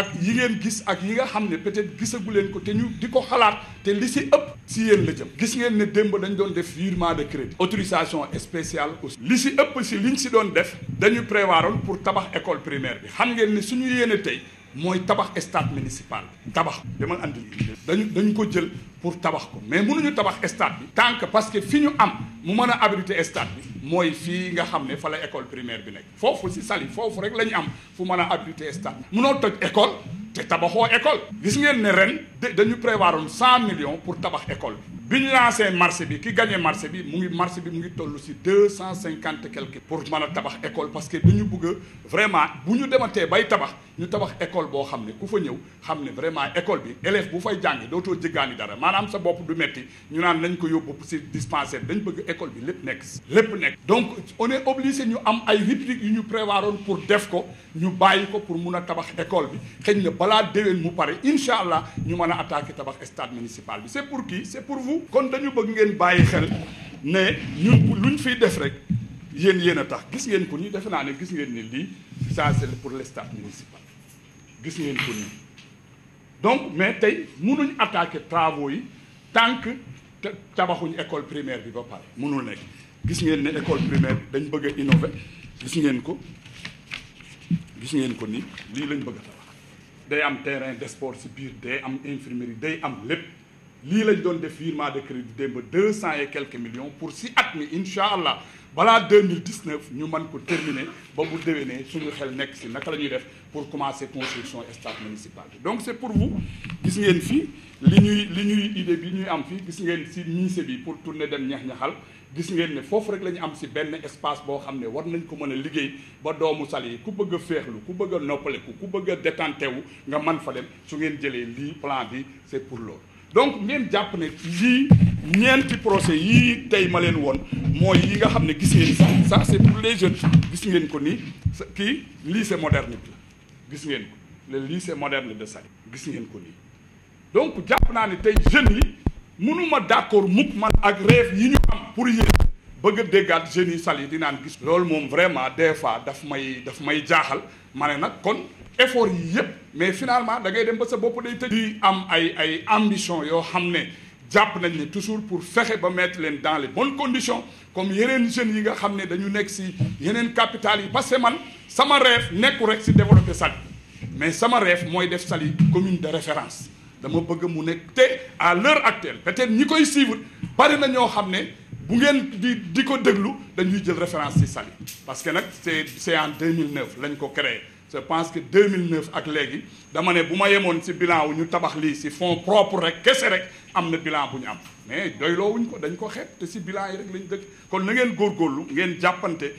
ak yi ngeen gis ak yi nga xam ne peut-être gisagu leen ko te ñu di ko xalaat te li si ëpp si yéen la gis ngeen ne démb dañ doon def virement de crédit autorisation spéciale aussi li si ëpp si li liñ si doon def dañu prévoiroon pour tabax école primaire bi xam ngeen ne suñu yéene tey Moy tabax stade municipal tabax dama andi dañu dañu ko jël pour tabax ko mais mënuñu tabax stade bi tant que parce que fiñu am mu mën abriter stade bi moy fi nga xamné fa la école primaire bi nek fofu si sali fofu rek la am fu mën abriter stade mënoo toj école te tabaxoo école gis ngeen né ren dañu prévoiroon 100 millions pour tabax école bi bi lancé marché bi ki gagné marché bi mu ngi marché bi mu ngi toll si quelque pour mën a tabax école parce que du bëgg vraiment buñu ñu bay tabax ñu tabax école bo xamné ku fa ñëw xamné vraiment école bi élève bu fay jàng dootoo jéggaani dara manam sa bop du metti ñu naan nañ ko yóbbu ci dispensaire dañ bëgg école bi lepp nekk lepp nekk donc on est obligé ñu am ay répliques yu ñu prévoiroon pour def ko ñu bayiko pour mun a tabax école bi xëy na bala déwén mu paré inshallah ñu mën attaquer tabax stade municipal bi c'est pour qui c'est pour vous kon dañu bëgg ngeen bàyyi xel ne ñun luñ fiy def rek c'est pour municipal gis ngeen ko donc mais travaux tant que tabaxuñ école primaire bi primaire innover gis ngeen ko gis ngeen ko ni lañ a day am terrain de sport si biir day am li lañ doon def virement de crédit démb 200 et quelques millions pour si at mi incha allah balaa ñu man ko terminer ba bu déwénee suñu xel nekk si naka lañuy def pour commencer construction stade municipal bi donc c'est pour vous gis ngeen fi li ñuy li ñuy idée bi ñuy am fi gis ngeen si miise bi pour tourner dem ñax-ñaxal gis ngeen ne foofu rek lañu am si benn espace boo xam ne war nañ ko mën a liggéey ba doomu Saly yi ku bëgg a féexlu ku bëgg a noppaleku ku bëgg a détente wu nga man fa dem su ngeen jëlee lii plan bi c' est pour loolu donc ngeen japp ne ont ñeenti procès yi nga c'est pour les jeunes qui ngeen ko lycée moderne le lycée moderne de Sali. gis ngeen ko ni donc jeune. na ne tay jeune yi d'accord mukk man ak rêve yi ñu am pour yi bëgg a déggaat yi di naan gis lool mom vraiment des fois daf may daf may jaaxal mané nak kon effort yi yep, mais finalement da ngay dem ba sa bop day tëj. am ay ay ambition yo xamné japp nañ né toujours pour fexé ba mettre leen dans les bonnes conditions comme yeneen jeunes yi nga xamné dañu nekk ci yeneen capital yi parce que man sama rêve nekku rek si développer Saly mais sama rêve moy def Saly commune de référence dama bëgg mu nekk té à l'heure actuelle peut-être ñi koy suivre bari na ñoo xam bu ngeen di diko ko déglu dañuy jël référence ci Saly parce que nak c'est c'est en 2009 lañ ko créé je pense que 2009 ak légui dama né buma ma ci bilan wu ñu tabax li ci fonds propre rek kessé rek amna bilan bu ñu am mais doyloowuñ ko dañ ko xépp té ci bilan yi rek lañ dëkk kon na ngeen gorlu ngeen jappanté